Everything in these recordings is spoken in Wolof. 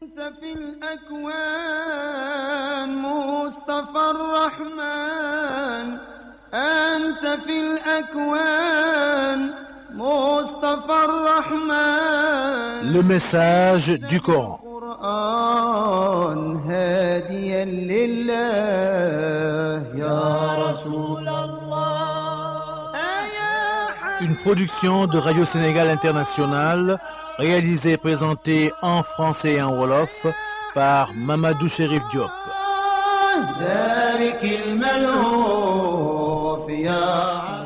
في الأكوان مصطفى الرحمن أنت في الأكوان مصطفى الرحمن Le message du Coran القرآن هاديا لله يا رسول الله Une production de Radio Sénégal Internationale réalisé et présenté en français et en wolof par Mamadou Chérif Diop.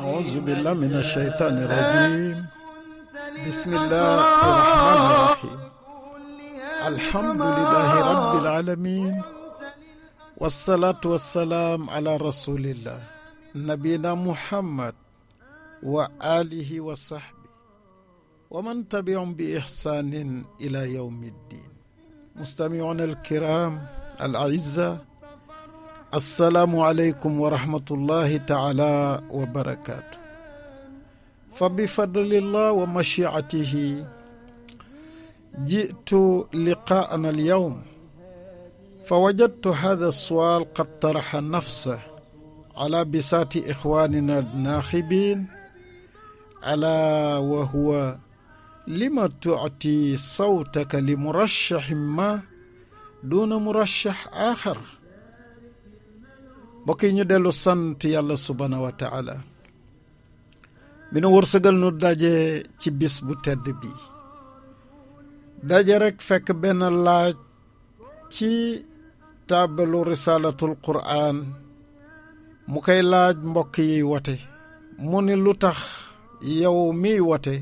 أعوذ بالله من الشيطان الرجيم بسم الله الرحمن الرحيم الحمد لله رب العالمين والصلاة والسلام على رسول الله نبينا محمد وآله وصحبه wa man tabiahum bi ixsaanin ila yawmi ddin mustamiuna alkiram al aizza assalaamu aleykum wa rahmatullahi taala wa barakatu fa bifadlillah wa machiatihi jitu liqaana alyawm فوجدت هذا السؤال قد طرح نفسه على بساط إخواننا الناخبين ألا وهو lima tuti sawtaka li murashaxin ma duna murashax aaxar mbokk yi ñu dellu sant yàlla subhaanahu wa taala bi nu wërsëgal nu daje ci bis bu tedd bi daje rekk fekk benn laaj ci taabalu risaalatul quraan mu koy laaj mbokk yiy wote mu ni lu tax yow miy wote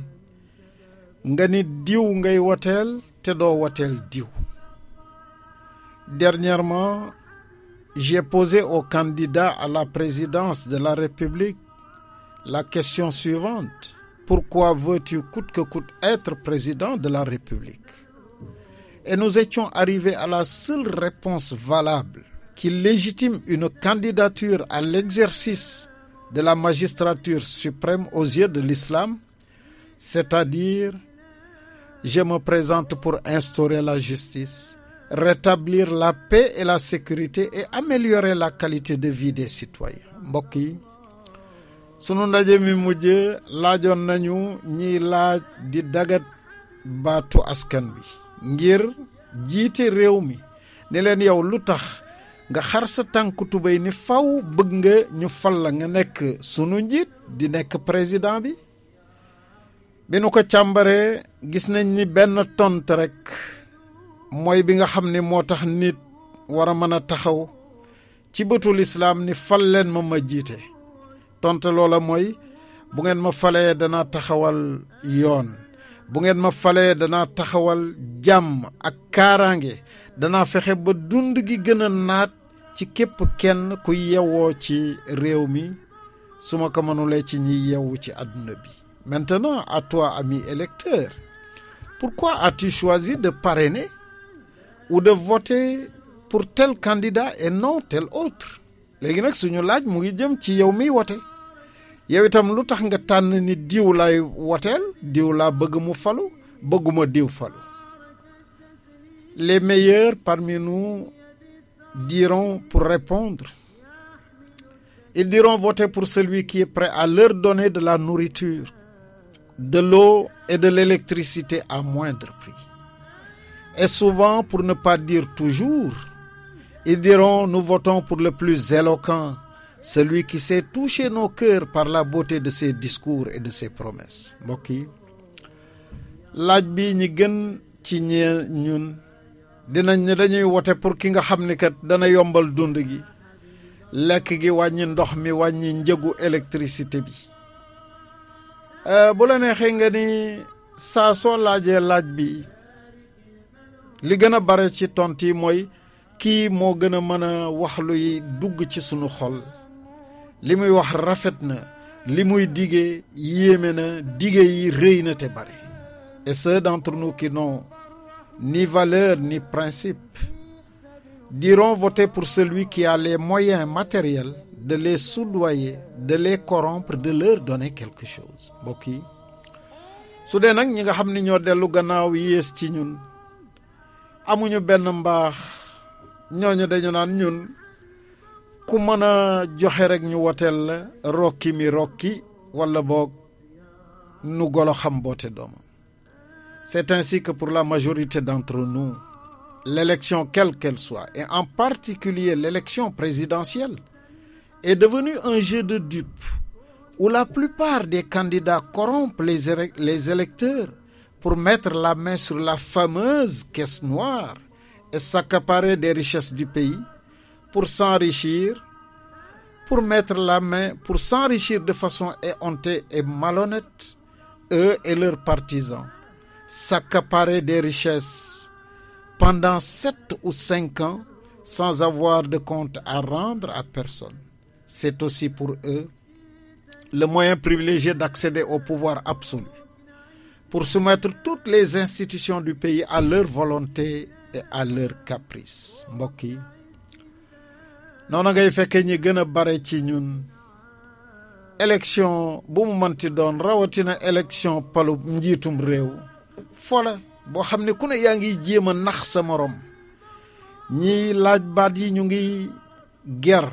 nga ni diw ngay woteel te doo woteel diw dernièrement j'ai posé au candidats à la présidence de la République la question suivante pourquoi veux-tu coûte que coûte être président de la République et nous étions arrivés à la seule réponse valable qui légitime une candidature à l'exercice de la magistrature suprême aux yeux de l'islam c'est-à-dire Je me présente pour instaurer la justice, rétablir la paix et la sécurité et améliorer la qualité de vie des citoyens mbokk yi sunu ndaje mi mujj laajoon nañu ñiy laaj di dagat baatu askan bi ngir jiite réew mi ne leen yow lu tax nga xar sa tànku tubéy ni faw bëgg nga ñu fal la nga nekk sunu njiit di nekk président bi bi nu ko càmbaree gis nañ ni benn tont rekk mooy bi nga xam ni moo tax nit war a mën a taxaw ci bëtu lislaam ni fal leen ma ma jiite tont loola mooy bu ngeen ma falee danaa taxawal yoon bu ngeen ma falee danaa taxawal jàmm ak kaaraange danaa fexe ba dund gi gën a naat ci képp kenn ku yewwoo ci réew mi su ma ko mënulee ci ñiy yewwu ci àdduna bi Maintenant, à toi, ami électeur, pourquoi as-tu choisi de parrainer ou de voter pour tel candidat et non tel autre léegi nag suñu laaj mu ngi jëm ci yow miy wote yow itam lu tax nga tànn ni diw lay woteel diw laa bëgg mu falu bëgguma diw falu les meilleurs parmi nous diiron pour répondre ils diront voter pour celui qui est à leur donner de la nouriture de l'eau et de l'électricité à moindre prix. Et souvent, pour ne pas dire toujours, ils diront, nous votons pour le plus éloquent, celui qui sait toucher nos cœurs par la beauté de ses discours et de ses promesses. mbokk yi laaj bi ñi gën ci ñee ñun dinañ ne dañuy wote pour ki nga xam ni kat dana yombal dund gi lekk gi wàññi ndox mi wàññi njëgu électricité bi Eh, bu la neexee nga ni saa soo laajee laaj bi li gën a bare ci tont yi mooy kii moo gën a mën a wax luy dugg ci sunu xol li muy wax rafet na li muy dige yéeme na dige yi rëy na te bare et d'entre nous qui n'ont ni valeur ni principe diront voter pour celui qui a les moyens matériels de les soudoyer de les corrompre de leur donné quelque chose mbokk yi su dee nag ñi nga xam ni ñoo dellu gannaaw yées ci ñun amuñu benn mbaax ñooñu dañu naan ñun ku mën a joxe rek ñu woteel la rokki mi rokki wala boog nu golo xam boote doomam c'est ainsi que pour la majorité d'entre nous l'élection quelle qu'elle soit et en particulier l'élection présidentielle est devenu un jeu de dupes où la plupart des candidats corrompent les, les électeurs pour mettre la main sur la fameuse caisse noire et s'accaparer des richesses du pays pour s'enrichir, pour mettre la main, pour s'enrichir de façon éhontée et malhonnête, eux et leurs partisans, s'accaparer des richesses pendant sept ou cinq ans sans avoir de compte à rendre à personne. c'est aussi pour eux le moyen privilégié d'accéder au pouvoir absolu, pour soumettre toutes les institutions du pays à leur volonté et à leur caprice. mbokk yi noonu ngay fekkee ñi gën a bare ci ñun élection bu mu mënti doon rawatina élection palu njiitum réew fola boo xam ne ku ne yaa ngi jéem a nax sa moroom ñiy laaj baat yi ñu ngi ger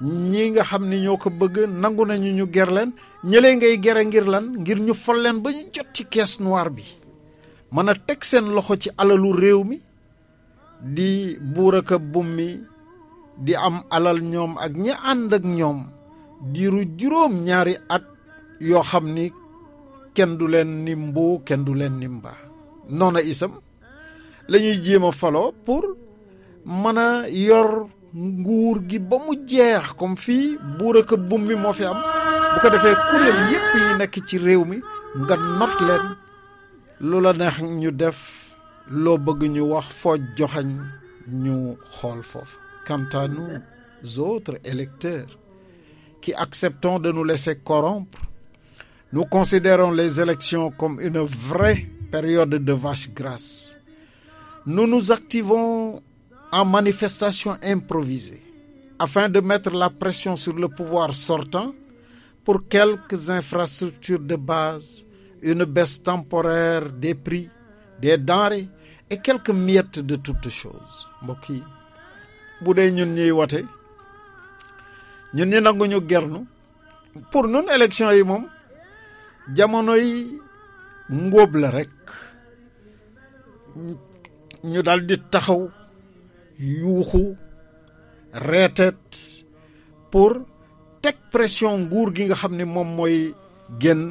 ñii nga xam ni ñoo ko bëgg nangu nañu ñu ger leen ñëlee ngay gere ngir lan ngir ñu fol leen ba ñu jot ci caisse noire bi mën a teg seen loxo ci alalu réew mi di buur ak bum mi di am alal ñoom ak ñi ànd ak ñoom diiru juróom ñaari at yoo xam ni kenn du leen ni kenn du leen ni noona isam lañuy ñuy a faloo pour mën a yor nguur gi ba mu jeex comme fii buur ak buum mi moo fi am bu ko defee kuréel yépp yi nekk ci réew mi nga not leen lu la neex ñu def loo bëgg ñu wax foo joxañ ñu xool foofu quant à électeur autres électeurs qui acceptons de nous laisser corrompre nous considérons les élections comme une vraie période de vache grasse nous nous activons en manifestation improvisée afin de mettre la pression sur le pouvoir sortant pour quelques infrastructures de base, une baisse temporaire des prix des denrées et quelques miettes de toutes choses mbokk yi bu dee ñun ñuy wote ñun ñi nanguñu gernu pour ñun élection yi moom jamono yi ngóob la rek ñu dal di taxaw yuuxu reeteet pour teg pression nguur gi nga xam ni moom mooy génn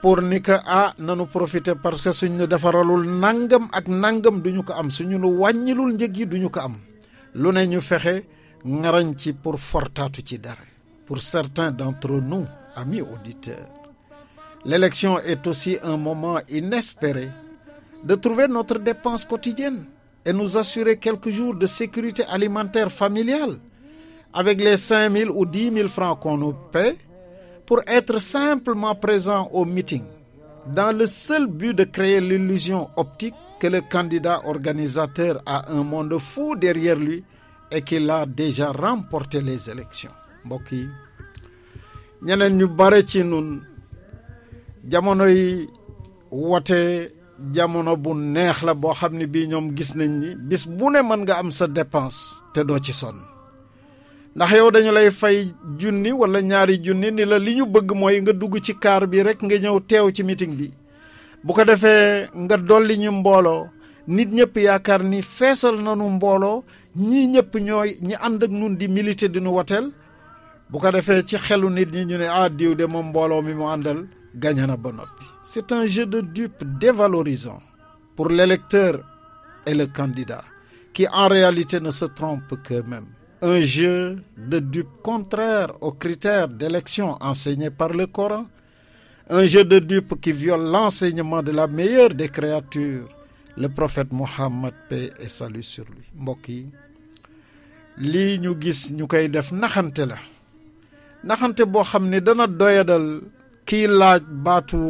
pour ni que ah nanu profiter parce que suñ nu defaralul nangam ak nangam duñu ko am suñu nu wàññilul njëg yi duñu ko am lu ne ñu fexe ngarañ ci pour fortaatu ci dara pour certains d'entre nous amis auditeurs l'élection est aussi un moment inespéré de trouver notre dépense quotidienne et nous assurer quelques jours de sécurité alimentaire familiale avec les 5 000 ou 10 000 francs qu'on nous paie pour être simplement présents au meeting dans le seul but de créer l'illusion optique que le candidat organisateur a un monde fou derrière lui et qu'il a déjà remporté les élections mbokk yi ñeneen ñu bare ci nun jamono jamono bu neex la boo xam ne bii ñoom gis nañ ni bis bu ne mën nga am sa dépense te doo ci sonn ndax yow dañu lay fay junni wala ñaari junni ni la li ñu bëgg mooy nga dugg ci kaar bi rek nga ñëw teew ci mitin bi bu ko defee nga dolli ñu mbooloo nit ñëpp yaakaar ni feesal nanu mbooloo ñii ñëpp ñooy ñi ànd ak nun di milité di woteel bu ko defee ci xelu nit ñi ñu ne ah diw de mbooloo mi mu àndal gañe na ba noppi C'est un jeu de dupes dévalorisant pour l'électeur et le candidat, qui en réalité ne se trompent qu'eux-mêmes. Un jeu de dupes contraire aux critères d'élection enseignés par le Coran, un jeu de dupes qui viole l'enseignement de la meilleure des créatures, le prophète Mohammed paix et salut sur lui. mbokk yi lii ñu gis ñu koy def naxante la naxante boo xam ne dana doyadal kiy laaj baatu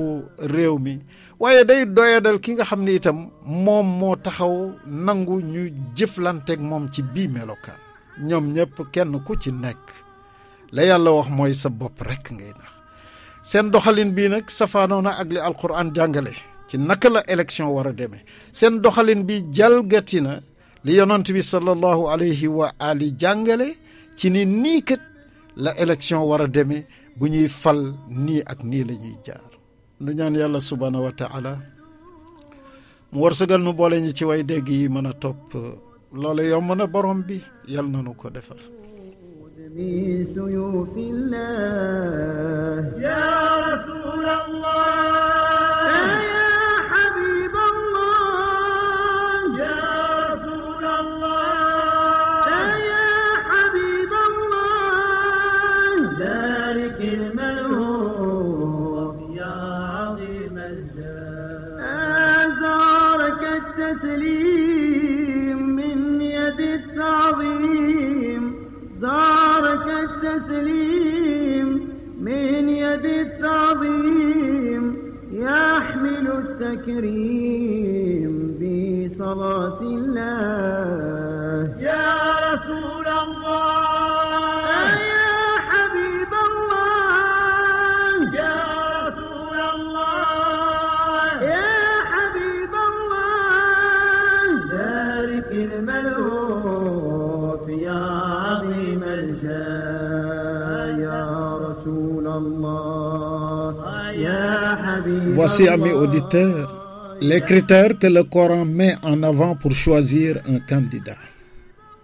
réew mi waaye day doyadal ki nga xam ni itam moom moo taxaw nangu ñu jëflanteek moom ci bii melokaan ñoom ñëpp kenn ku ci nekk la yàlla wax mooy sa bopp rekk ngay nax seen doxalin bii nag safaanoo na ak li alquran jàngale ci naka la élection war a demee seen doxalin bi jalgati na li yonent bi sallallahu jàngale ci ni nii kat la élection war a demee bu ñuy fal nii ak nii la ñuy jaar lu ñaan yàlla subhaanahu wa taala mu wërsëgal nu boole ñu ci way dégg yi mën a topp loolu yomb na borom bi yal na nu ko defal التسليم من يد التعظيم زارك التسليم من يد التعظيم يحمل التكريم بصلاة الله Voici, amis auditeurs, les critères que le Coran met en avant pour choisir un candidat.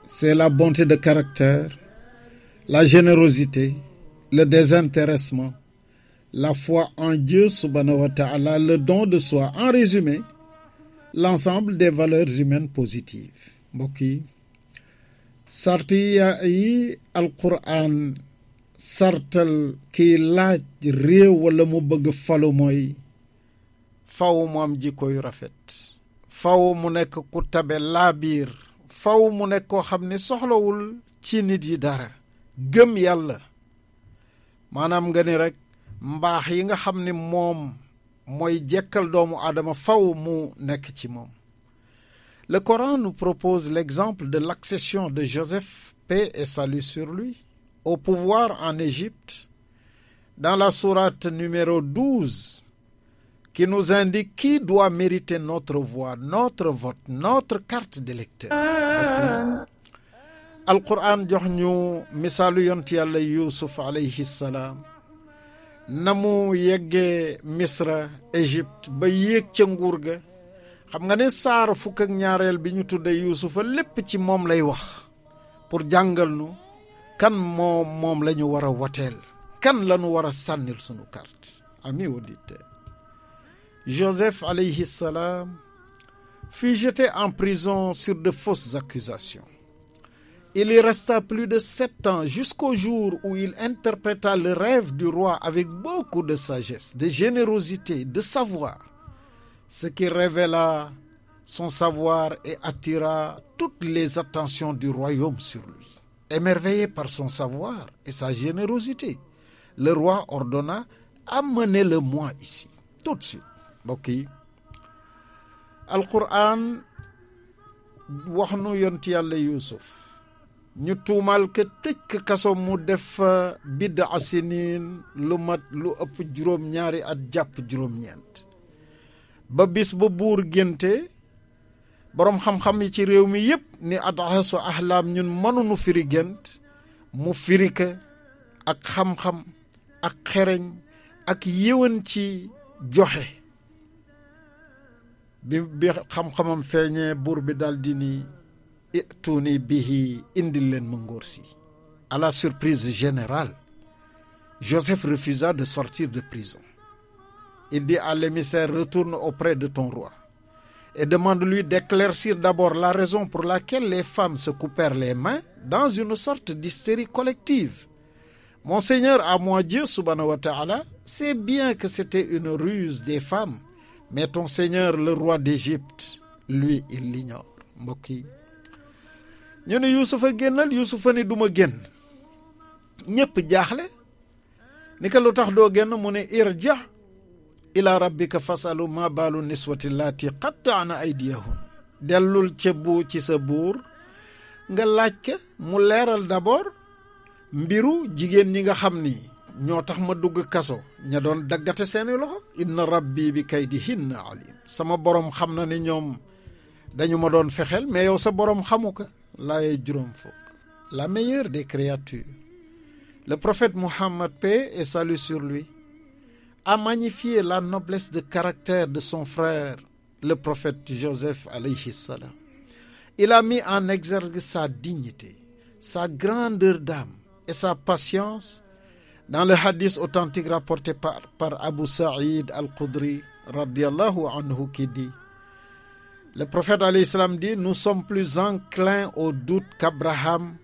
C'est la bonté de caractère, la générosité, le désintéressement, la foi en Dieu subhanahu wa ta'ala, le don de soi. En résumé, l'ensemble des valeurs humaines positives. mbokk yi sart yi alquran sartal kiy laaj réew wala mu bëgg falu mooy faw mu am jikko yu rafet faw mu nekk ku tabe laa biir faw mu nekk koo xam ne soxlawul ci nit yi dara gëm yàlla maanaam nga ni rek mbaax yi nga xam ni moom mooy jekkal doomu aadama faw mu nekk ci moom le Coran nous propose l'exemple de l'accession de Joseph paix et salut sur lui au pouvoir en Égypte dans la sourate numéro 12 qui nous indique qui doit mériter notre voix notre vote notre carte d'électeur jox ñu misaalu yont yàlla yuusuf alayhi salaam na mu yeggee misra égypte ba yéeg ca nguur ga xam nga ne saar fukk ak ñaareel bi ñu tudde yuusufa lépp ci moom lay wax pour jàngal nu kan moom lañu la ñu war a wateel kan la ñu war a sànnil sunu carte ami auditeur Joseph alayhi salam fut jeté en prison sur de fausses accusations. Il y resta plus de sept ans jusqu'au jour où il interpréta le rêve du roi avec beaucoup de sagesse, de générosité, de savoir, ce qui révéla son savoir et attira toutes les attentions du royaume sur lui. Émerveillé par son savoir et sa générosité, le roi ordonna Amenez-le-moi ici, tout de suite. mbokk yi alquran wax nu yont yàlla yuusuf ñu tuumaal ka tëj ka kaso mu def a sinin lu mat lu ëpp juróom-ñaari at jàpp juróom-ñeent ba bis ba buur génte boroom xam-xam yi ci réew mi yépp ni adhasu ahlaam ñun mënunu firi mu firi ak xam-xam ak xereñ ak yéwén ci joxe bi bi xam-xamam feeñee buur bi daal di ni ituuni bihi indil leen ma si à la surprise générale Joseph refusa de sortir de prison il dit à l'émissaire retourne auprès de ton roi et demande-lui d'éclaircir d'abord la raison pour laquelle les femmes se coupèrent les mains dans une sorte d'hystérie collective mon seigneur à moi Dieu subhanahu wa ta'ala sait bien que c'était une ruse des femmes mais ton seigneur le roi d'Égypte lui mbokk yi ñu ne duma génn ñépp jaaxle ni ko lu tax doo génn mu ne irja ila rabbika fasalu ma baalu niswati laati qattaana aydiyahun dellul ca bu ci sa buur nga laaj ka mu leeral d'abord mbiru jigéen ñi nga xam ni ñoo tax ma dugg kaso ña doon daggate seeni loxo inna rabbi bi kay di hinna alim sama borom xam na ne ñoom dañu ma doon fexeel mais yow sa borom xamu ko laay juróom fukk la meilleure des créatures le prophète Mohammed paix et salut sur lui a magnifié la noblesse de caractère de son frère le prophète Joseph alayhi salam il a mis en exergue sa dignité sa grandeur d'âme et sa patience dans le hadith authentique rapporté par par Abu Saïd al-Khudri dit le prophète alayhi salam dit nous sommes plus enclins au doute qu'Abraham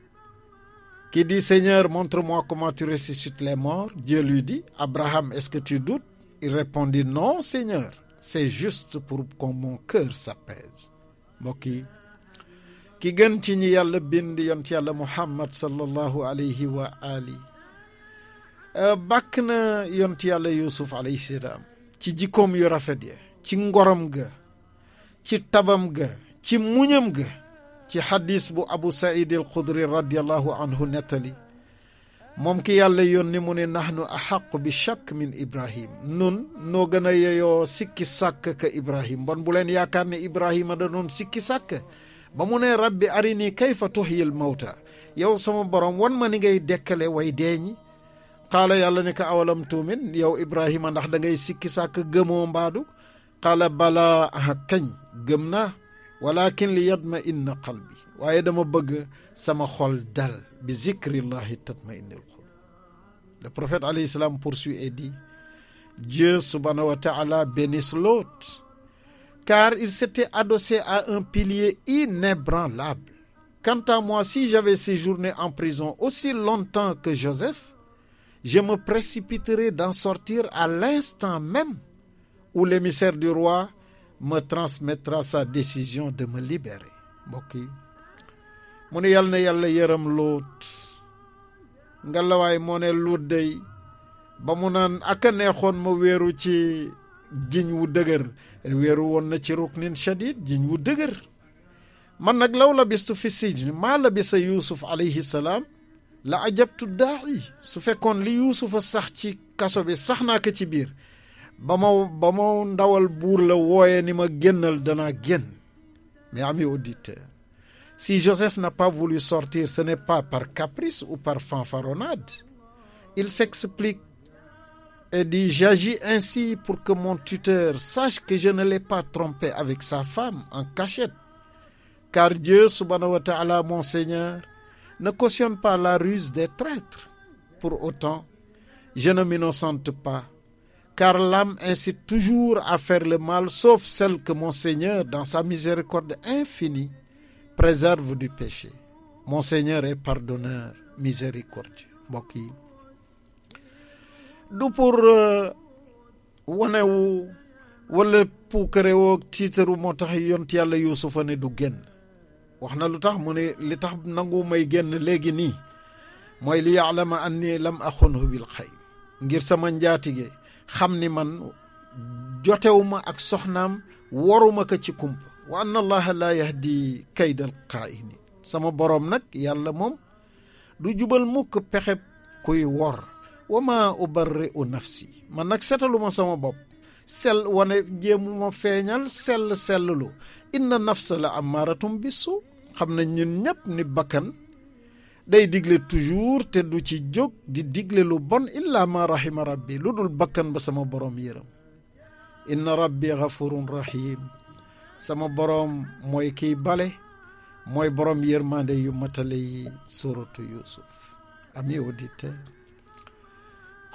qui dit Seigneur montre-moi comment tu ressuscites les morts Dieu lui dit Abraham est-ce que tu doutes il répondit non Seigneur c'est juste pour que mon cœur s'apaise mbokk yi ki gën ci ñi yàlla bind yont yàlla Muhammad sallallahu alayhi wa ali Euh, bàkk na ci yàlla Yuusuf alayhi salaam ci jikkoom yu rafet ya ci ngorom ga ci tabam ga ci muñam ga ci xadis bu Abu Saïd al Xudri radiallahu anhu nettali moom ki yàlla yónni mu ne nahnu axaqu bi shakk min Ibrahim nun noo gën a yeyoo sikki sàkk ka Ibrahim bon bu leen yaakaar ne Ibrahima da doon sikki sàkk ba mu ne rabbi arini kayfa tuhyil mawta yow sama borom wan ma ni ngay dekkale way deeñi qaala yàlla ne ko awalam tuumin yow Ibrahima ndax da ngay sikki sàkk gëmoo mbaadu qaala balaa kañ gëm naa walakin li yatma inna qalbi waaye dama bëgg sama xol dal bi zikrillahi tatma innil xol le prophète alayhi salam poursuit et dit Dieu subhanahu wa ta'ala bénisse Lot car il s'était adossé à un pilier inébranlable quant à moi si j'avais séjourné en prison aussi longtemps que Joseph je ma précipiterai d'en sortir à l'instant même ou l'émissaire du roi me transmettra sa décision de ma libérer mbokk yi mu ne yàlla na yàlla yërëm luut ngalawaay moo ne luut day ba mu naan ak a neexoon ma wéeru ci jiñ wu dëgër wéeru woon na ci ruknin shadid jiñ wu dëgër man nag law la bistu fi sijn maa la bisa yusuf alayhi salaam la ajabtu daa'i su fekkoon li yuusufa sax ci kaso bi sax naa ko ci biir ba ma ba ma ndawal buur la wooye ni ma génnal danaa génn mais ami auditeur si Joseph n'a pas voulu sortir ce n'est pas par caprice ou par fanfaronnade il s'explique et dit j'agis ainsi pour que mon tuteur sache que je ne l'ai pas trompé avec sa femme en cachette car Dieu subhanahu wa ta'ala mon Seigneur ne cautionne pas la ruse des traîtres. Pour autant, je ne m'innocente pas, car l'âme incite toujours à faire le mal, sauf celle que mon Seigneur, dans sa miséricorde infinie, préserve du péché. Mon Seigneur est pardonneur, miséricordieux. mbokk yi du pour euh, wanewu wala puukarewoog tiitaru moo tax yont yàlla yuusufa ne du génn wax na lu tax mu ne li tax nangu may génn léegi nii mooy li yaalama an ni lam axunhu bil xay ngir sama njaatige xam ni man ma ak soxnaam waruma ko ci kump wa anna allaha laa yahdi kaydal xaa'ini sama boroom nag yàlla moom du jubal mukk pexeb kuy wor wa ma ubarri'u nafsi man nag setaluma sama bopp sel wane jéem ma feeñal sell selllu inna nafsa am amaratum bisu xam nañ ñun ñëpp ni bakkan day digle toujours te du ci jóg di digle lu bon illa ma rahima rabbi lu dul bakkan ba sama borom yërëm inna rabbi ghafurun rahim sama borom mooy kii bale mooy boroom yërmande yu matale yi suratu Yusuf amis auditeurs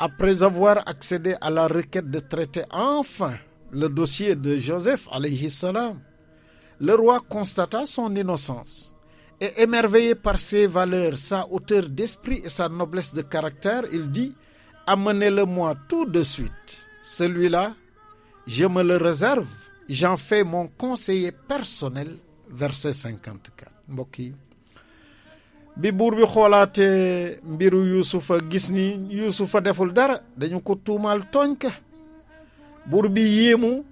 après avoir accédé à la requête de traiter enfin le dossier de Joseph alayhi salam le roi constata son innocence et émerveillé par ses valeurs, sa hauteur d'esprit et sa noblesse de caractère, il dit, Amenez-le-moi tout de suite. Celui-là, je me le réserve, j'en fais mon conseiller personnel. Verset 54 mbokk yi bi buur bi xoolaatee mbiru Yuusufa gis ni Yuusufa deful dara dañu ko tuumaal tooñ ka buur bi yéemu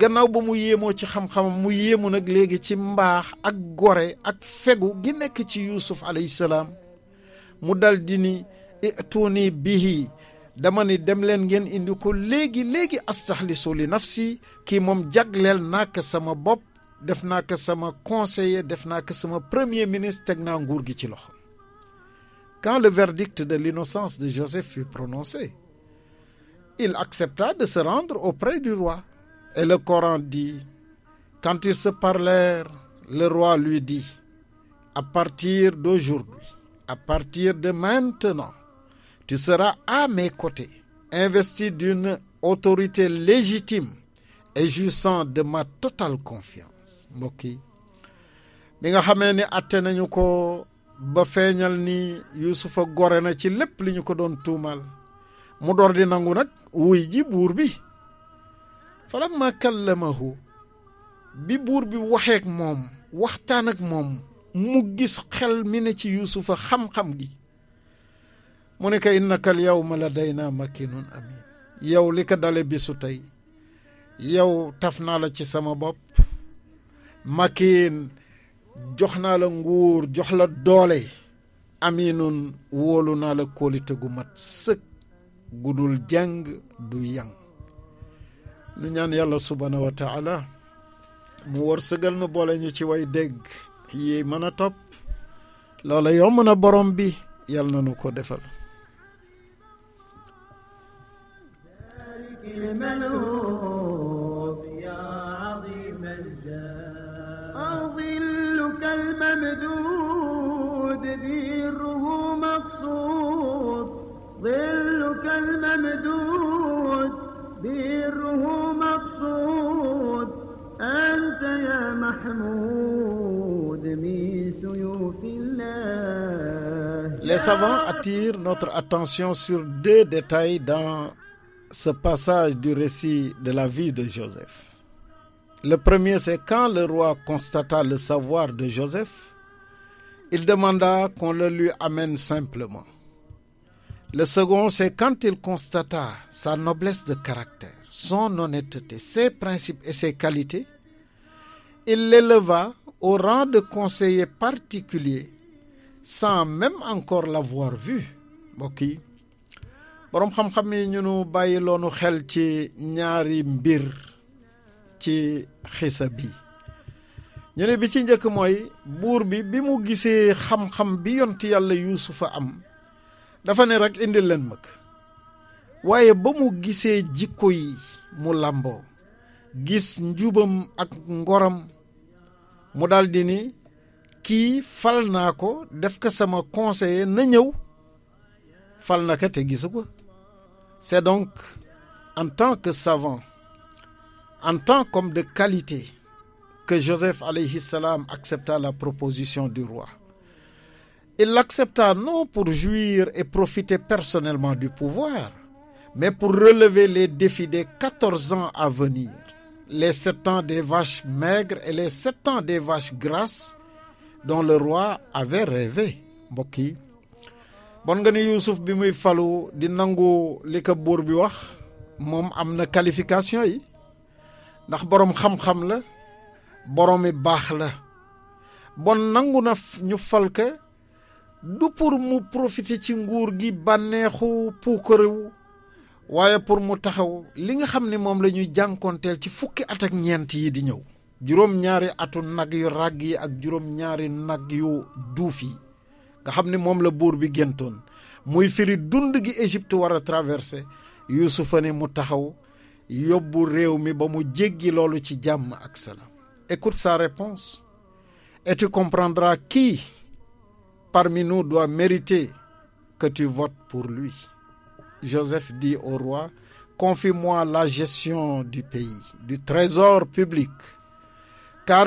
gannaaw ba mu yéemoo ci xam mu yéemu nag léegi ci mbaax ak gore ak fegu gi nekk ci yuusuf alayhi salaam mu dal di ni ituuni bihi dama ne dem leen ngeen indi ko léegi léegi astaxlisu li nafsi kii moom jagleel naa ko sama bopp def naa ko sama conseiller def naa ko sama premier ministre teg naa nguur gi ci loxo quand le verdict de l'innocence de Joseph fut prononcé il accepta de se rendre auprès du roi Et le Coran di quand ils se le roi lui di à partir de d'aujourd'hui, à partir de maintenant, tu seras à mes côtés, investi d'une autorité légitime et jouissant de ma totale confiance mbokk yi bi nga xamee ni atte nañu ko ba feeñal ni Yuusufa gore na ci lépp li ñu ko doon tuumal mu door di nangu nag wuy ji buur bi falamma kallamahu bi buur bi waxeek moom waxtaan ak moom mu gis xel mi ne ci yuusufa xam-xam gi mu ne ko innaka al yawma naa makinun amin yow li ko dale bisu tey yow taf naa la ci sama bopp makin jox naa la nguur jox la doole aminun wóolu naa la kóolite gu mat sëkk gudul jàng du yang nu ñaan yàlla subhaanahu wa taala mu wërsëgal nu boole ñu ci way dégg yi mën a topp loola mën na borom bi yàlla na nu ko defal Les savants attirent notre attention sur deux détails dans ce passage du récit de la vie de Joseph. Le premier, c'est quand le roi constata le savoir de Joseph, il demanda qu'on le lui amène simplement. Le second, c'est quand il constata sa noblesse de caractère, son honnêteté, ses principes et ses qualités, il l'éleva au rang de conseiller particulier sans même encore l'avoir vu mbokk yi boroom xam-xam yi ñu nu bàyyi loonu xel ci ñaari mbir ci xisa bi ñu ne bi ci njëkk mooy buur bi bi mu gisee xam-xam bi yont yàlla yuusufa am dafa ne rek indil leen mag waaye ba mu gisee jikko yi mu làmboo gis njubam ak ngoram mu daal di ni kii fal naa ko def ko sama conseiller na ñëw fal na ko te gisu ko c'est donc en tant que savant en tant qu'homme de qualité que Joseph alayhi salam accepta la proposition du roi il l'accepta non pour jouir et profiter personnellement du pouvoir mais pour relever les défis des quatorze ans à venir les sept ans des vaches maigres et les sept ans des vaches grasses dont le roi avait rêvé mbokk yi bon nga ni Youssouf bi muy falu di nangu li ko buur bi wax moom am na qualification yi ndax boroom xam-xam la boroomi baax la bon nangu na ñu falka du pour mu profiter ci nguur gi bànneexu puukarewu waaye pour mu taxaw li nga xam ni moom la ñuy jànkoonteel ci fukki at ak ñeent yi di ñëw juróom-ñaari atu nag yu ràgg yi ak juróom-ñaari nag yu duuf yi nga xam ni moom la buur bi géntoon muy firi dund gi Égypte war a traversé Yuusufa ne mu taxaw yóbbu réew mi ba mu jéggi loolu ci jàmm ak salaam écoute sa réponse et tu comprendras qui parmi nous doit mériter que tu votes pour lui Joseph dit au roi, confie-moi la gestion du pays, du trésor public, car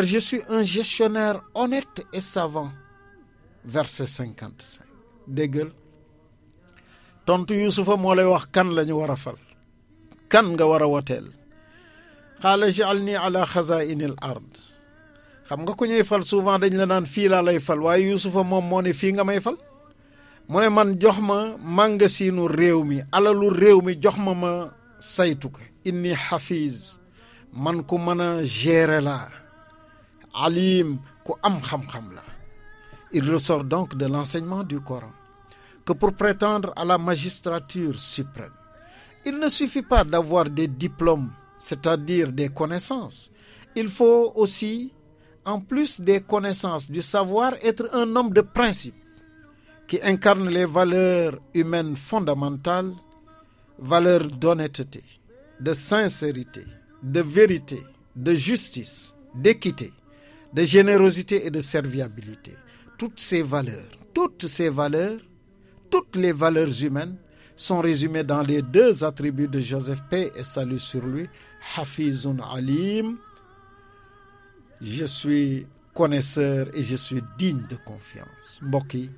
un gestionnaire honnête et savant. Verset 55 déggal tontu Yuusufa moo lay wax kan la ñu war a fal kan nga war a woteel xaala jaalni ala xazainil ard xam nga ko ñuy fal souvent dañ la naan fii laa lay fal waaye Yuusufa moom moo ne fii nga may fal mu ne man jox ma màngasiinu réew mi alalu réew mi jox ma ma saytu ko inni xafiis man ku mën a gérer la alim ku am xam-xam la il ressort donc de l'enseignement du Coran que pour prétendre à la magistrature suprême il ne suffit pas d'avoir des diplômes c'est-à-dire des connaissances il faut aussi en plus des connaissances du savoir être un homme de principe qui incarne les valeurs humaines fondamentales, valeurs d'honnêteté, de sincérité, de vérité, de justice, d'équité, de générosité et de serviabilité. Toutes ces valeurs, toutes les valeurs humaines sont résumées dans les deux attributs de Joseph, paix et salut sur lui, Hafizun Alim. Je suis connaisseur et je suis digne de confiance. Mbokk yi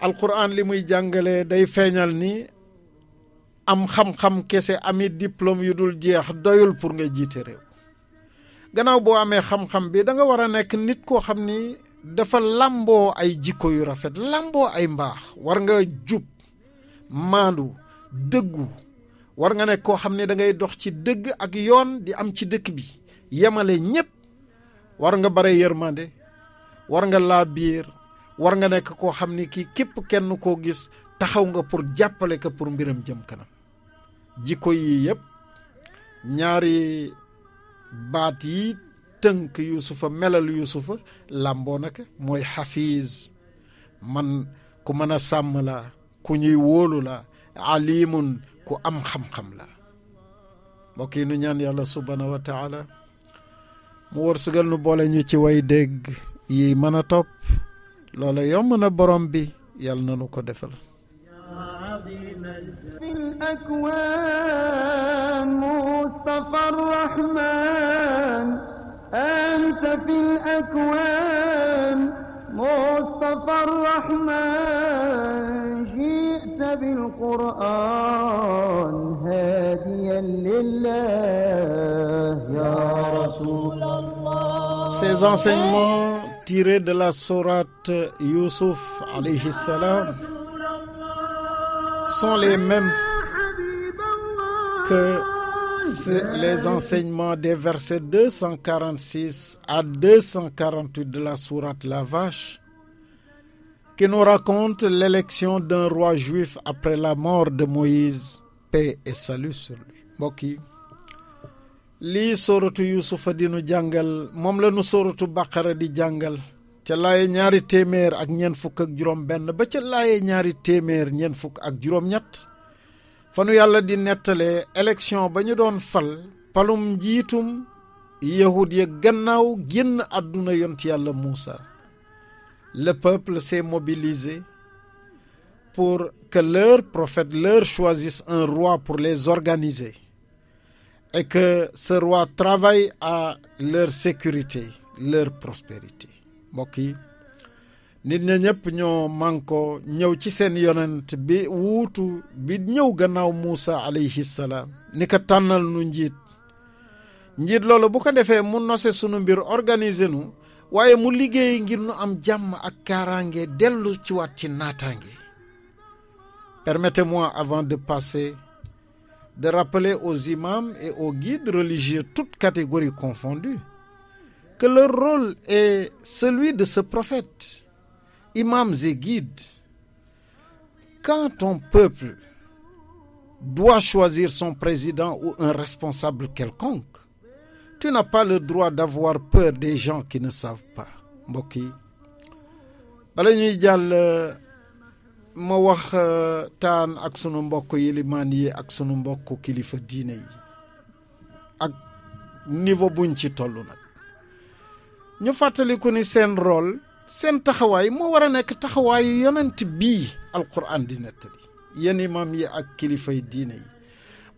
alquran li muy jàngale day feeñal ni am xam-xam kese amit diplôme yu dul jeex doyul pour nga jiite réew gannaaw boo amee xam-xam bi danga war a nekk nit koo xam ni dafa làmboo ay jikko yu rafet làmboo ay mbaax war nga jub maandu dëggu war nga nekk koo xam ne dangay dox ci dëgg ak yoon di am ci dëkk bi yemale ñépp war nga bare yërmande war nga laa biir war nga nekk koo xam ni kii képp kenn koo gis taxaw nga pour jàppale ko pour mbiram jëm kanam jikko yii yëpp ñaari baat yi tënk yuusufa melal yuusufa làmboo nag mooy xafiis man ku mën a sàmm la ku ñuy wóolu la alimun ku am xam-xam la mbokk nu ñaan yàlla subhaanahu wa taala mu wërsëgal nu boole ñu ci way dégg yi mën a topp loola yomb na borom bi yàlla na nu ko defal Ces enseignements tiré de la sourate Yusuf alayhi salam sont les mêmes que les enseignements des versets 246 à 248 de la sourate La Vache qui nous raconte l'élection d'un roi juif après la mort de Moïse paix et salut sur lui yi lii sóoratu yuusufa di nu jàngal moom la nu sóoratu bàqara di jàngal ca laaye ñaari téeméer ak ñeent fukk ak juróom benn ba ca laaye ñaari téeméer ñeent fukk ak juróom ñett fanu yàlla di nettalee élection ba ñu doon fal palum njiitum yahud ya gannaaw génn àdduna yont yàlla Muusa le peuple s'est mobilisé pour que leur prophète leur choisisse un roi pour les organiser et que ce roi travaille à leur sécurité leur prospérité mbokk yi nit ña ñëpp ñoo mànkoo ñëw ci seen yonent bi wuutu bi ñëw gannaaw Muusa alayhi ni ko tànnal nu njiit njiit loolu bu ko defee mu nose sunu mbir organiser nu waaye mu liggéey ngir nu am jàmm ak kaaraange dellu ci waat ci naataange permettez-moi avant de passer de rappeler aux imams et aux guides religieux, toutes catégories confondues, que leur rôle est celui de ce prophète, imams et guides. Quand ton peuple doit choisir son président ou un responsable quelconque, tu n'as pas le droit d'avoir peur des gens qui ne savent pas mbokk yi ma wax euh, taan ak sunu mbokk yilimaan yi ak sunu mbokk kilifa diine yi ak niveau buñ ci tollu nag ñu fàttaliku ni seen rôle seen taxawaay moo war a nekk taxawaayu yonent bii alquran di nettali yéen imam yi ak kilifay diine yi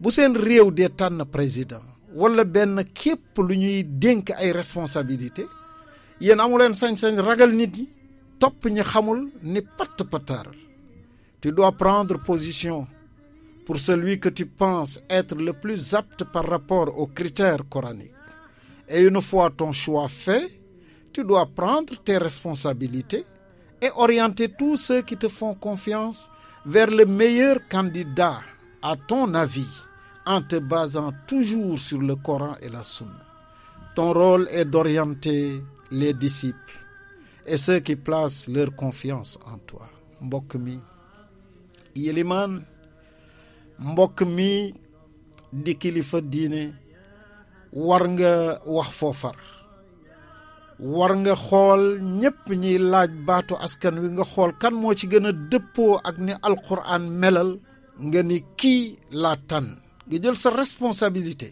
bu seen réew dee tànn président wala benn képp lu ñuy dénk ay responsabilité yéen amuleen sañ-sañ ragal nit yi topp ñi xamul ni patt pattaaral Tu dois prendre position pour celui que tu penses être le plus apte par rapport aux critères coraniques. Et une fois ton choix fait, tu dois prendre tes responsabilités et orienter tous ceux qui te font confiance vers le meilleur candidat à ton avis en te basant toujours sur le Coran et la Sunna. Ton rôle est d'orienter les disciples et ceux qui placent leur confiance en toi. Mbokk mi yilimaan mbokk mi di kilifa diine war nga wax foofar war nga xool ñépp ñuy laaj baatu askan wi nga xool kan moo ci gën a dëppoo ak ni alxuraan melal nga ni kii laa tànn nga jël sa responsabilité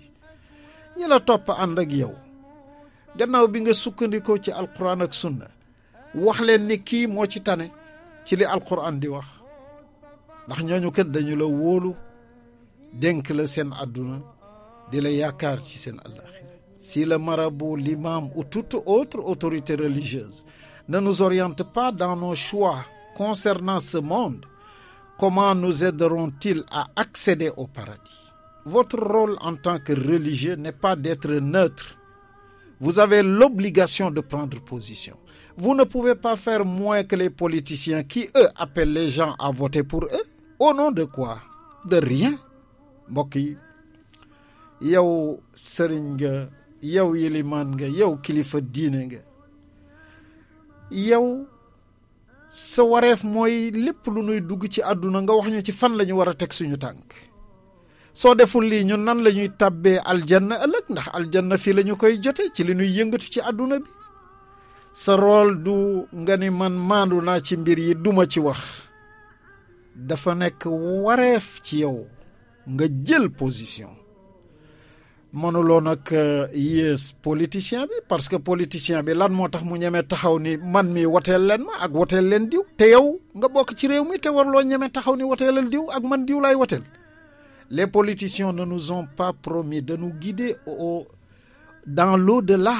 ñi la topp ànd ak yow gannaaw bi nga sukkandikoo ci alxuraan ak sunna wax leen ni kii moo ci tane ci li alxuraan di wax ndax ñooñu kat dañu la wóolu dénk la seen àdduna di la yaakaar ci seen àllaxira le marabout l'imam ou toute autre autorité religieuse ne nous oriente pas dans nos choix concernant ce monde comment nous aideront-ils à accéder au paradis votre rôle en tant que religieux n'est pas d'être neutre vous avez l'obligation de prendre position vous ne pouvez pas faire moins que les politiciens qui eux appellent les gens à voter pour eux au de quoi de rien mbokk yi yow sëriñ nga yow yilimaan nga yow kilifa diine nga yow sa wareef mooy lépp lu nuy dugg ci àdduna nga wax ñu ci fan lañu ñu war a teg suñu tànk soo deful lii ñun nan lañuy ñuy tàbbee aljanna ëllëg ndax aljanna fii la ñu koy jote ci li nuy yëngatu ci àdduna bi sa rool du nga ni man maandu naa ci mbir yi duma ci wax dafa nekk wareef ci yow nga jël position mënuloo nag euh, yées politicien bi parce que politicien bi lan moo tax mu ñeme taxaw ni man mi woteel leen ma ak woteel leen diw te yow nga bokk ci réew mi te warloo ñeme taxaw ni woteelal diw ak man diw laay woteel les politiciens ne nous ont pas promis de nous guider au dans l'au-delà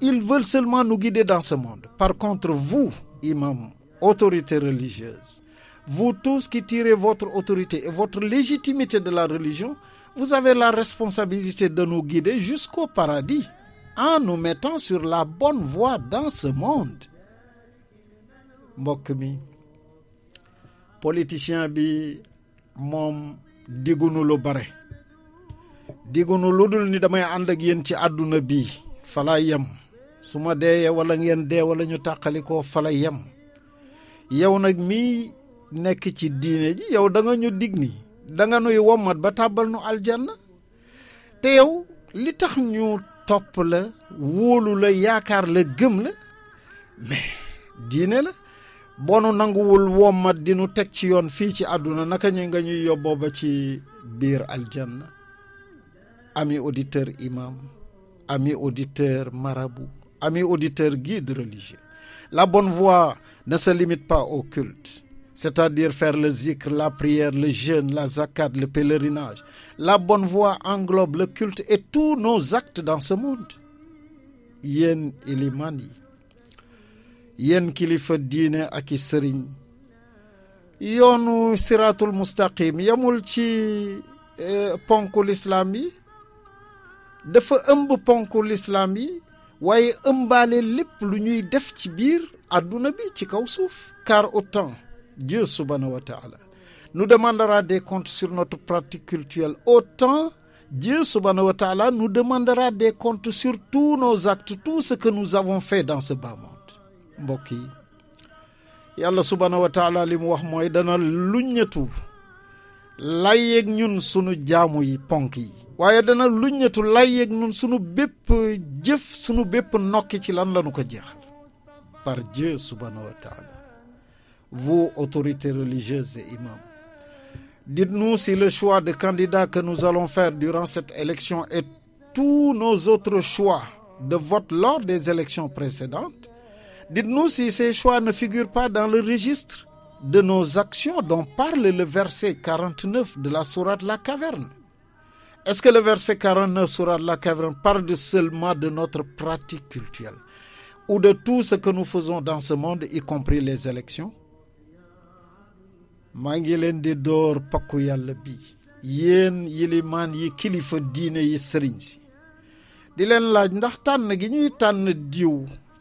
ils veulent seulement nu giddee dans ce monde par contre vous imam autorité religieuse vous tous qui tirez votre autorité et votre légitimité de la religion, vous avez la responsabilité de nous guider jusqu'au paradis en nous mettant sur la bonne voie dans ce monde. mbokk mi politicien bi moom digunu lu bare digunu lu dul ni damay ànd ak yéen ci àdduna bi fala yem su ma deeyee wala ngeen dee wala ñu tàqalikoo fala yem yow nag mii nekk ci diine ji yow da nga ñu dig ni danga nga nuy wommat ba tàbbal nu aljanna te yow li tax ñu topp la wóolu la yaakaar la gëm la mais diine la boo nu nanguwul wommat di nu teg ci yoon fii ci àdduna naka ñu nga ñuy yobboo ba ci biir aljanna ami auditeur imam ami auditeur marabout ami auditeur guide religieux la bonne voie na sa limite pas au culte c'est-à-dire faire le zikr, la prière, le jeûne, la zakat, le pèlerinage. La bon voie englobe le culte et tous nos actes dans ce monde. yéen ilimaan yi yéen kilifa diine ak i sëriñ yoonu siraatul mustaqim yamul ci euh, ponku lislaam yi dafa ëmb ponku lislaam yi waaye ëmbaale lépp lu ñuy def ci biir àdduna bi ci kaw suuf car autant Dieu subhanahu wa ta'ala nous demandera des comptes sur notre pratique cultuelle autant Dieu subhanahu wa ta'ala nous demandera des sur tous nos actes tout ce que nous avons fait dans ce bas mbokk yi yàlla subhanahu wa li mu wax mooy dana luññatu layeeg ñun sunu jaamu yi ponk yi waaye dana luññatu layeeg ñun sunu bépp jëf sunu bépp nokki ci lan lañu ko jeexal par Dieu vous, autorités religieuses et imams. dites le choix de candidats que nous faire durant cette élection et tous nos autres choix de vote lors des élections précédentes, dites-nous si ces choix ne figurent dans le registre de nos actions dont parle le verset 49 de la sourate La Caverne. Est-ce que le verset 49 sourate La Caverne parle seulement de notre pratique culturelle ou de tout ce que nous dans ce monde, y compris les élections? maa ngi leen di door pakku yàlla bi yéen yilimaan yi kilifa diine yi sëriñ si di leen laaj ndax tànn gi ñuy tànn diw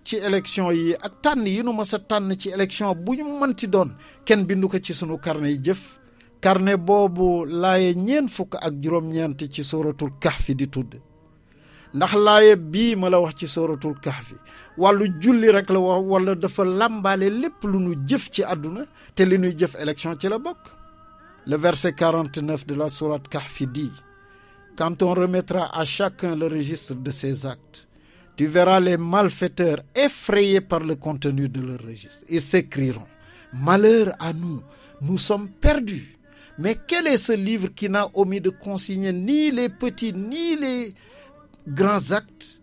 ci élection yi ak tànn yi nu mës a tànn ci élection bu ñu mënti doon kenn bindu ko ci sunu carnet yi jëf carnet boobu laaye ñeen fukk ak juróom-ñeent ci suratul kahfi di tudd ndax laaye bii ma la wax ci sooratul kahfi wàllu julli rek la wax wala dafa làmbaale lépp lu nu jëf ci àdduna te li nuy jëf élection ci la bokk le verset 49 de la sourate kahfi dit quand remettra à chacun le registre de ses actes tu verras les malfaiteurs effrayés par le contenu de leur registre ils s'écrieront malheur à nous nous sommes perdus mais quel est ce livre qui n'a omis de consigner ni les petits ni les grands actes,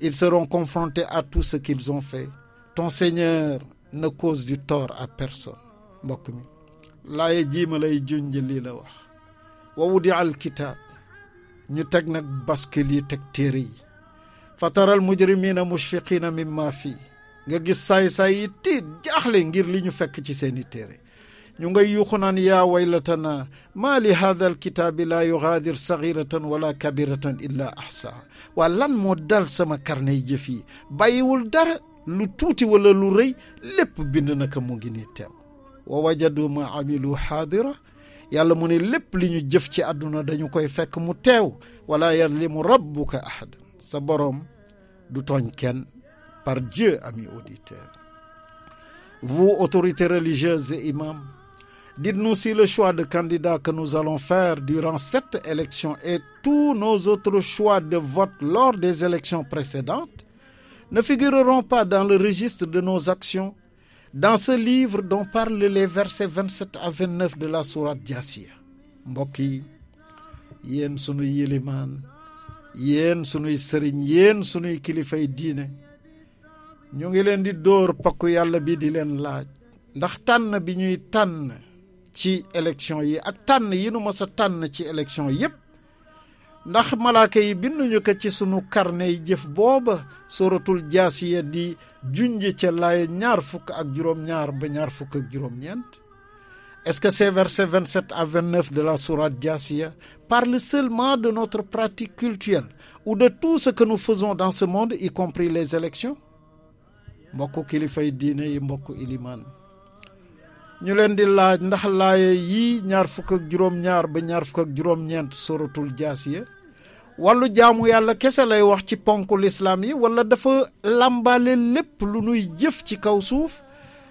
ils seront confrontés à tout ce qu'ils ont fait. Ton Seigneur ne cause du tort à personne mbokk mi laaye jiima lay junj lii la wax wa wudi al ñu teg nag bascule yi teg téere yi fataral mujrimina mushfiqina mimma fii nga gis saay-saay yi tiit jaaxle ngir li ñu fekk ci seeni téere ñu ngay yuuxu naan yaa waylatana maa li haada alkitaabi laa yugaadir saxiratan wala kabiratan illa ahsa waa lan moo dal sama carnet yi jëf yi bàyyiwul dara lu tuuti wala lu rëy lépp bind naka mu ngi nii wa wajadu ma amilu xaadira yàlla mu ne lépp li ñu jëf ci àdduna dañu koy fekk mu teew wala yadlimu rabbuka ahad sa boroom du tooñ kenn par Dieu amis auditeurs vous autorités religieuses et imams Dites-nous si le choix de candidat que nous allons faire durant cette élection et tous nos autres choix de vote lors des élections précédentes ne figureront pas dans le registre de nos actions, dans ce livre dont parlent les versets 27 à 29 de la sourate Jaasiya mbokk yi yéen sunuy yilimaan yéen sunuy sëriñ yéen sunuy kilifay diine ñu ngi leen di dóor pakku yàlla bi di leen laaj ndax tànn bi ñuy tànn ci élection yi ak tànn yi nu mës a tànn ci élection yépp ndax malaaka yi binduñu ko ci sunu karne yi jëf booba suratul jaasiya di junj ca lay ñaar fukk ak juróom-ñaar ba ñaar fukk ak juróom-ñeent est-ce que ces versets 27 à 29 de la sourate jaasiya parlent seulement de notre pratique cultuelle ou de tout ce que nous faisons dans ce monde y compris les élections mbokku kilifay diine yi mbokku ilimaan ñu leen di laaj ndax laaye yii ñaar fukk ak juróom-ñaar ba ñaar fukk ak juróom-ñeent suratul jaasiya wàllu jaamu yàlla kese lay wax ci ponk lislaam yi wala dafa làmbaale lépp lu nuy jëf ci kaw suuf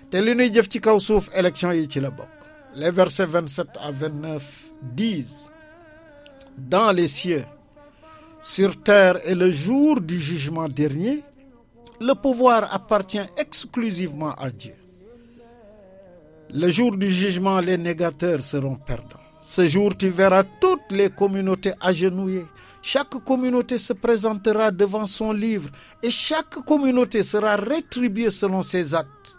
te li nuy jëf ci kaw suuf élection yi ci la bokk les versets 27 à 29 disent dans les cieux sur terre et le jour du jugement dernier le pouvoir appartient exclusivement à Dieu Le jour du jugement, les négateurs seront perdants. Ce jour, tu verras toutes les communautés agenouillées. Chaque communauté se présentera devant son livre et chaque communauté sera rétribuée selon ses actes.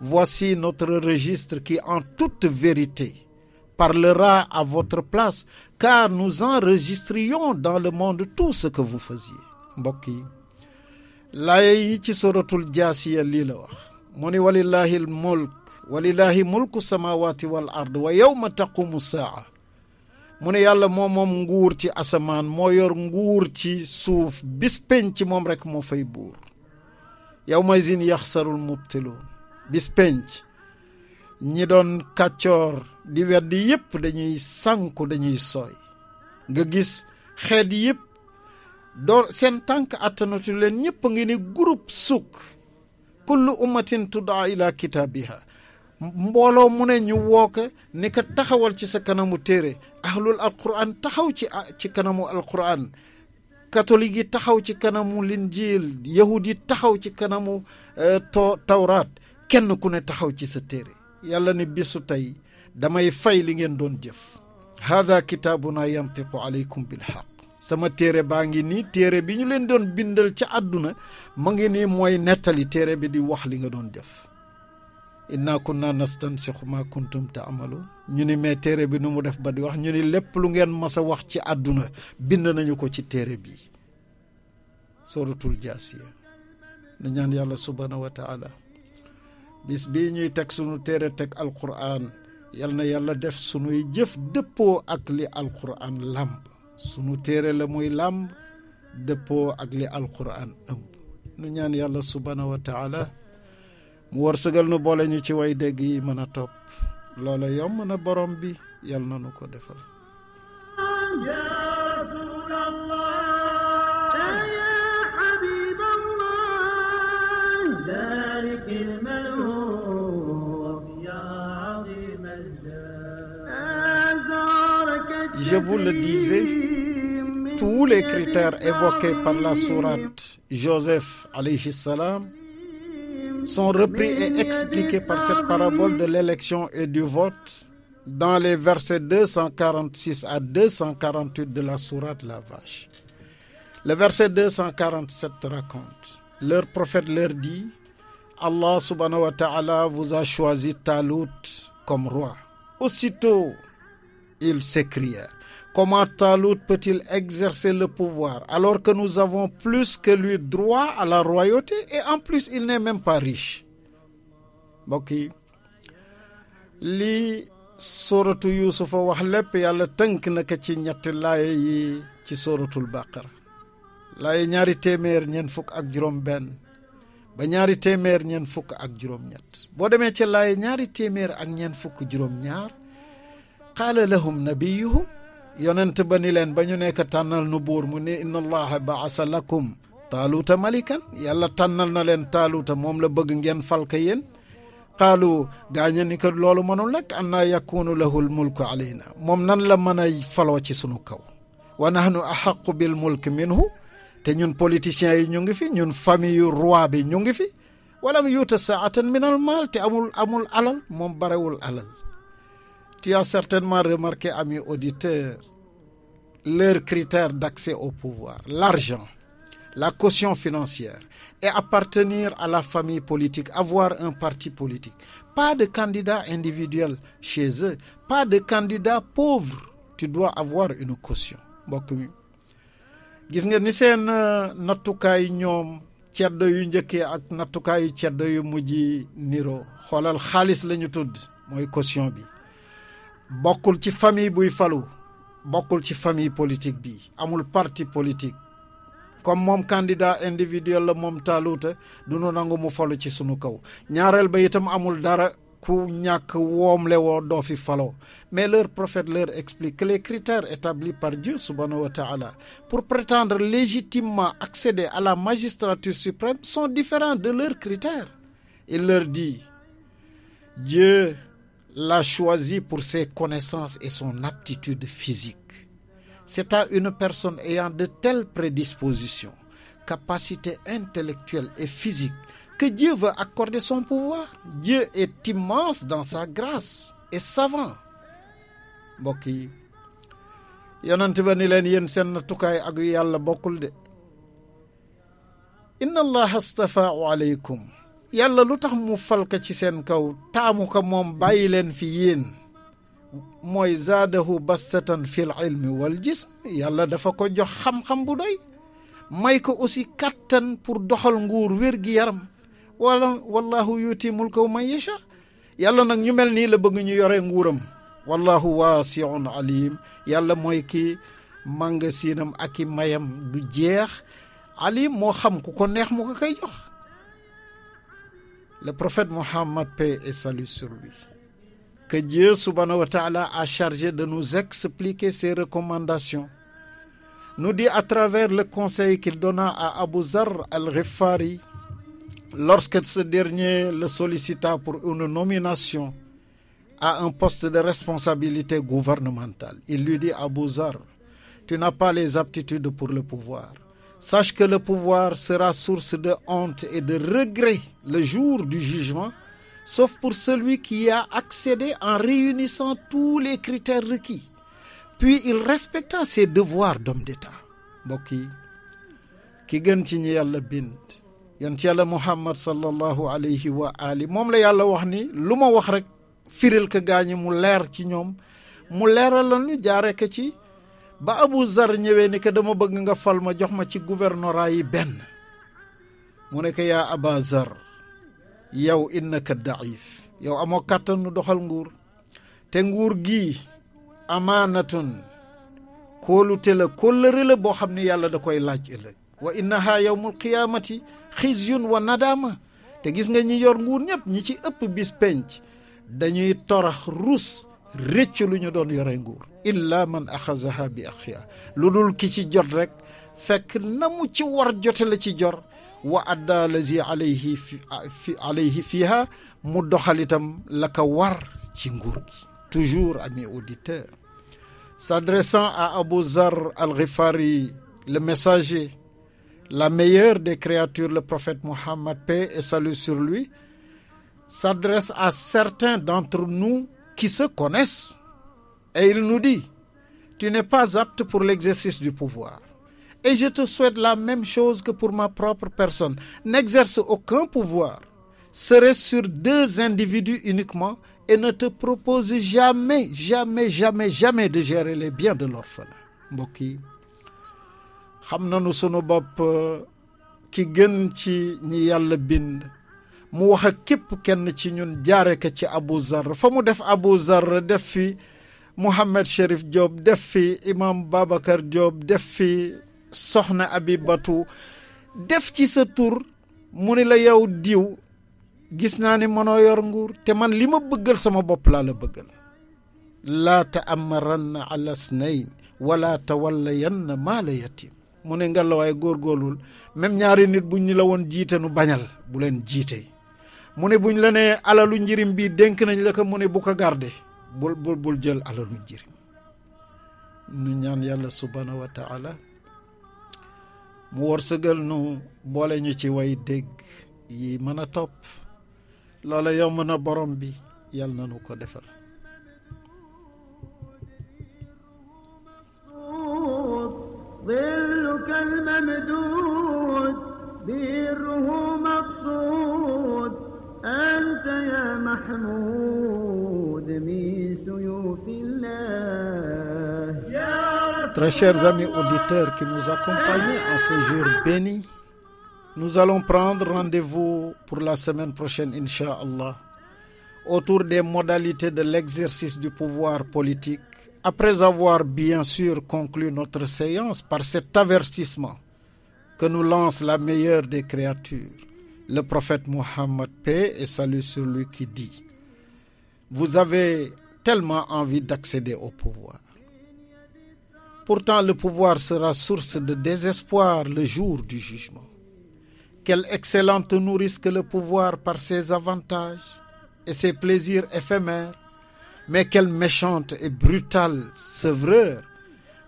Voici notre registre qui, en toute vérité, parlera à votre place, car nous enregistrions dans le monde tout ce que vous faisiez. mbokk yi laaya yi lii la wax walillahi mulku samawati wal ard wa yowma taqumu saa mu ne yàlla moo moom nguur ci asamaan moo yor nguur ci suuf bis penc moom rekk moo fay buur yawma izin yaxsarul mubtiluun bis penc ñi doon kàccoor di weddi yépp dañuy sànku dañuy sooy nga gis xeet yépp doo seen tànk àttanatu leen ñépp ngi ni groupe sukk kullu ummatin tudaa ila kitaabiha mbooloo mu ne ñu woo ko ni ko taxawal ci sa kanamu téere ahlul alquran taxaw ci ah, ci kanamu alxuraan katolik yi taxaw ci kanamu linjiil yahud yi taxaw ci kanamu eh, to tawraat kenn ku ne taxaw ci sa téere yàlla ni bisu tey damay fay li ngeen doon jëf haada kitaabuna yantiqu aleykum bilhaq sama téere baa ngi nii téere bi ñu leen doon bindal ci àdduna mu ngi nii mooy nettali téere bi di wax li nga doon jëf innaa kunnaa nastansixu maa kuntum taamaluun ñu ni mais téere bi nu mu def ba di wax ñu ni lépp lu ngeen mas a wax ci àdduna bind nañu ko ci téere bi suratul jaasiya nu ñaan yàlla subhaanahu wa bis bi ñuy teg sunu téere teg alquran yal na yàlla def sunuy jëf dëppoo ak li alquran làmb sunu téere la muy làmb dëppoo ak li alquran ëmb nu ñaan yàlla subhaanahu wa mu wërsëgal nu boole ñu ci way dégg mën a topp loola yomb na borom bi yal na nu ko defal Je vous le disais, tous les critères évoqués par la sourate Joseph alayhi son repris et expliqués par cette parabole de l'élection et du vote dans les versets 246 à 248 de la sourate La Vache. Le verset 247 raconte, leur prophète leur dit, Allah subhanahu wa ta'ala vous a choisi Talout comme roi. Aussitôt, ils s'écrièrent Comment Talut peut-il exercer le pouvoir alors que nous avons plus que lui droit à la royauté et en plus il n'est même pas riche mbokk yi lii sóoratu yuusufa wax lépp yàlla tënk na ko ci ñett laaye yi ci sóoratul baqar laaye ñaari téeméer ñeent fukk ak juróom benn ba ñaari téeméer ñeent fukk ak juróom ñett boo demee ci laaye ñaari téeméer ak ñeent fukk juróom ñaar qaala lahum nabiyuhum yonent ba ni leen ba ñu nekk tànnal nu buur mu ni inna allaha baasa lakum taaluuta malikan yàlla tànnal na leen taaluuta moom la bëgg ngeen falka yéen qaalu gaa ni ko loolu mënul nekk annaa yakunu lahu lmulku alayna moom nan la mën a faloo ci sunu kaw wa nahnu ahaqu bil mulki minhu te ñun politiciens yi ñu ngi fi ñun famille yu roi bi ñu ngi fi walam yuuta saatan min al maal te amul amul alal moom barewul alal Tu as certainement remarqué, amis auditeurs, leurs critères d'accès au pouvoir, l'argent, la caution financière et appartenir à la famille politique, avoir un parti politique. Pas de candidat individuel chez eux, pas de candidat pauvre. Tu dois avoir une caution mbokk mi gis nga ni seen euh, nattukaay ñoom ceddo yu njëkkee ak nattukaayu ceddo yu mujj niroo xoolal xaalis lañu ñu tudd mooy caution bi bokkul ci famille buy falu bokkul ci famille politique bi amul parti politique comme moom candidat individuel la moom taaluuta dunu nangu mu falu ci sunu kaw ñaareel ba itam amul dara ku ñàkk woomle woo doo fi falo mais leur prophète leur explique que les critères établis par Dieu subhanahu wa ta'ala pour prétendre légitimement accéder à la magistrature suprême sont différents de leurs critères il leur di Dieu l'a choisi pour ses connaissances et son aptitude physique. C'est à une personne ayant de telles prédispositions, capacité intellectuelles et physiques que Dieu veut accorder son pouvoir. Dieu est immense dans sa grâce et savant. mbokk yi yonent ba ni leen yéen seen nattukaay ak yu yàlla bokkul de inna allaha astafaa aleykum yàlla lu tax mu falka ci seen kaw taamu ko moom bàyyi leen fi yéen mooy zaadahu bastatan fil ilmi wal jism yàlla dafa ko jox xam-xam bu doy may ko aussi kàttan pour doxal nguur wér gi yaram wala wallahu yuti mulkahu man yasha yàlla nag ñu mel nii la bëgg ñu yore nguuram wallahu waasiun alim yàlla mooy kii màngasinam ak i mayam du jeex alim moo xam ku ko neex mu ko koy jox le prophète Mohammed, paix et salut sur lui, que Dieu subhanahu a chargé de nous expliquer ses recommandations, nous dit à travers le conseil qu'il donna à Abu Zar al-Ghifari, lorsque ce dernier le sollicita pour une nomination à un poste de responsabilité gouvernementale. Il lui dit, Abu Zar, tu n'as pas les aptitudes pour le pouvoir. Sache que le pouvoir sera source de honte et de regret le jour du jugement, sauf pour celui qui y a accédé en réunissant tous les critères requis. Puis il respecta ses devoirs d'homme d'État. mbokk ki gën ci ñi yàlla bind yonent yàlla Muhammad sallallahu alayhi wa ali moom la yàlla wax ni lu ma wax rek firil ko gaañi mu leer ci ñoom mu leeral lañu jaare ko ci ba Abu Zar ñëwee ni que dama bëgg nga fal ma jox ma ci gouvernorat yi benn mu ne ko yaa Aba Zar yow innaka daif yow amoo kàttanu doxal nguur te nguur gi amaanatun kóolute la kóllëre la boo xam ne yàlla da koy laaj ëllëg wa innaha yawmul qiyaamati xisyun wa nadaama te gis nga ñi yor nguur ñëpp ñi ci ëpp bis dañuy torax ruus rëcc lu ñu doon yore nguur illa man axazaha bi axiya lu dul ki ci jot rek fekk na mu ci war jote la ci jor wa adda lazi alayhi fi fiha mu doxalitam la ko war ci nguur gi toujours amis auditeurs s'adressant à Abou Zar al-Ghifari le messager la meilleure des créatures le prophète Mohammed paix et salut sur lui s'adresse à certains d'entre nous qui se connaissent Et il nous dit, tu n'es pas apte pour l'exercice du pouvoir. Et je te souhaite la même chose que pour ma propre personne. N'exerce aucun pouvoir. Serait sur deux individus uniquement et ne te propose jamais, jamais, jamais, de gérer les biens de l'orphelin. Mbokk yi xam nañu sunu bopp ki gën ci ñi yàlla bind mu wax ak képp kenn ci ñun jaare ko ci Abu Zarr fa mu def Abu Zarr def fi Mouhamed Cherif Diop def fi imam babakër Diop def fi soxna Abibatu def ci sa tur mu ni la yow diw gis naa ni manoo yor nguur te man li ma bëggal sama bopp laa la bëggal laa taamaranna ala snayn wala tawallayanna maala yatim mu ne nga la waaye góorgóorlul même ñaari nit bu ñu la woon jiite nu bañal bu leen jiite mu ne buñ la nee alalu njirim bii denk nañu la mu ne bu ko garde bul bul bul jël alalu njëriñ nu ñaan yàlla subhaanahu wa taala mu wërsëgal nu boole ñu ci way dégg yi mën a topp loola yomb na borom bi yàlla na nu ko defal من سيوف الله Très chers amis auditeurs qui nous accompagnent en ce jour béni, nous allons prendre rendez-vous pour la semaine prochaine, Inch'Allah, autour des modalités de l'exercice du pouvoir politique, après avoir bien sûr conclu notre séance par cet avertissement que nous lance la meilleure des créatures, le prophète Mohammed, paix et salut sur lui, qui dit vous avez tellement envie d'accéder au pouvoir. Pourtant, le pouvoir sera source de désespoir le jour du jugement. Quelle excellente nourrice que le pouvoir par ses avantages et ses plaisirs éphémères, mais quelle méchante et brutale sevreur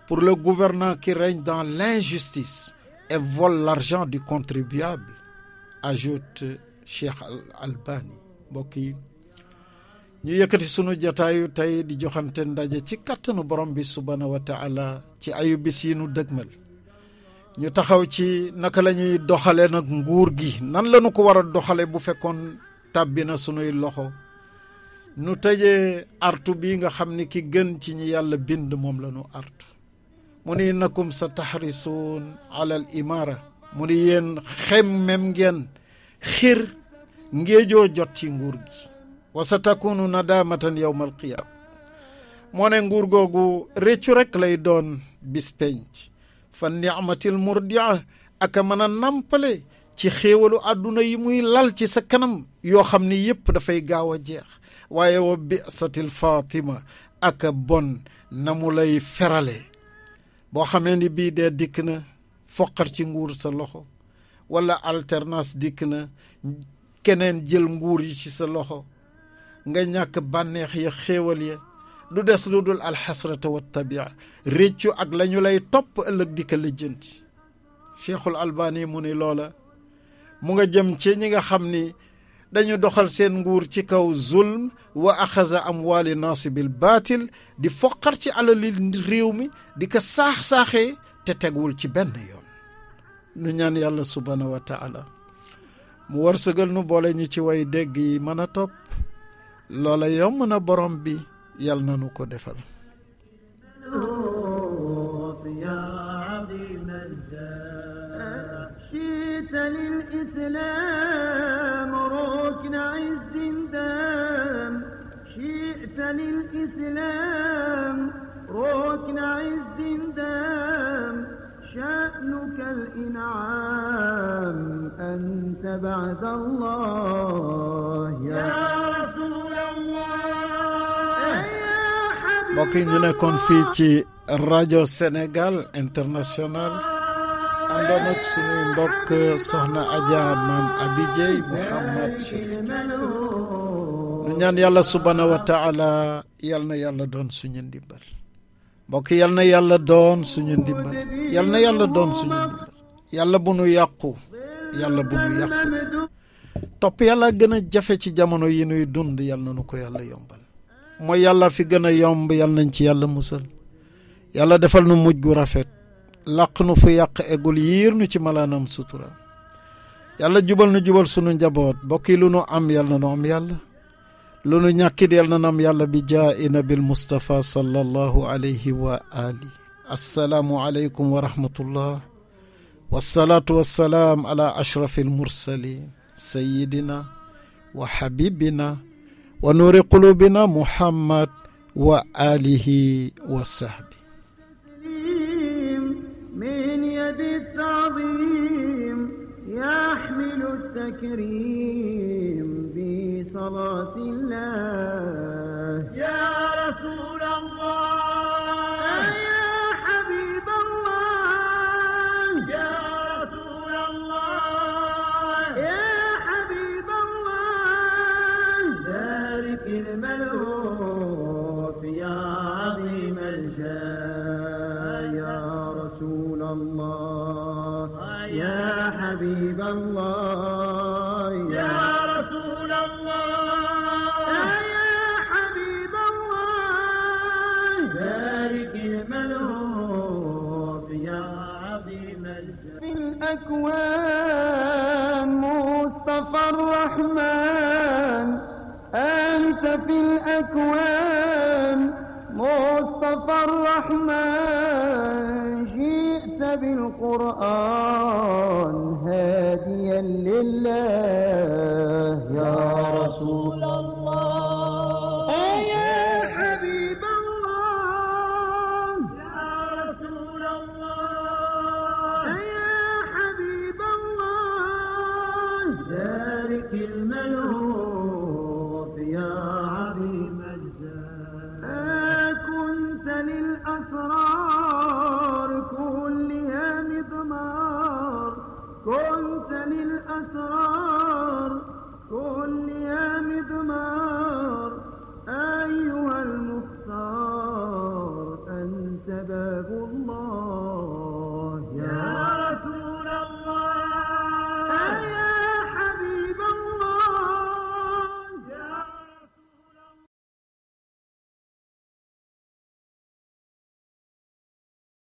pour le gouvernant qui règne dans l'injustice et vole l'argent du contribuable, ajoute Cheikh Al-Albani. mbokk yi ñu yëkkati sunu jataayu tey di joxante ndaje ci kàttanu borom bi subhaanahu wa taala ci ayu bis yi nu dëgmal ñu taxaw ci naka lañuy ñuy doxale nag nguur gi nan la ko war a doxale bu fekkoon tàbbi na sunuy loxo nu tëjee artu bi nga xam ni ki gën ci ñi yàlla bind moom la ñu artu mu ni nakum sa taxrisuun alal imaara mu ni yéen xemmem ngeen xiir ngéejoo jot ci nguur gi wa sa takunu nadamatan yowma alqiyaama moo ne nguur googu réccu rekk lay doon bis penc fa nicmatil ak aka mën a nàmpale ci xéewalu àdduna yi muy lal ci sa kanam yoo xam ni yépp dafay gaaw a jeex waaye wa bisatil fatima aka bon na mu lay ferale boo xamee ni bii dee dikk na foqar ci nguur sa loxo wala alternas dikk na keneen jël nguur yi ci sa loxo nga ñàkk bànneex ya xéewal ya du des lu dul alxasrata wa tabia réccu ak lañu lay topp ëllëg di ko lijjanti cheikhul albani mu ni loola mu nga jëm ci ñi nga xam ni dañu doxal seen nguur ci kaw zulm wa axaza amwaali naasibil baatil di foqar ci alali réew mi di ko saax saaxe te tegwul ci benn yoon nu ñaan yàlla subhaanahu wa taala mu wërsëgal nu boole ñi ci way dégg yi mën a topp loola yomb na borom bi yal na nu ko defal شأنك bokki yi ñu nekkoon fii ci rajo Sénégal international àndoon ak suñuy mbokk soxna Adja Maam Abi Dieye Mouhamad Chérif ñaan yàlla subhaanahu wa taala yal na yàlla doon suñu ndimbal na yàlla doon suñu ndimbal na yàlla doon suñu ndimbal yàlla bu nu yàqu yàlla bu nu yàqu topp yàlla gën jafe ci jamono yi nuy dund yal na nu ko yàlla yombal mooy yàlla fi gën a yomb yàlla nañ ci yàlla musal yàlla defal nu mujj gu rafet làq nu fu yàq eggul yiir nu ci malaanam sutura yàlla jubal nu jubal sunu njaboot mbokk yi lu nu am yàlla na nu am yàlla lu nu ñàkkit yàlla na nu am yàlla bi jaa Mustafa sallallahu alayhi wa ali assalaamu aleykum wa rahmatullah wa habibina wa nuuri qulubina muhammad wa alihi wa sahbi من يد التعظيم يحمل التكريم بصلاة الله يا رسول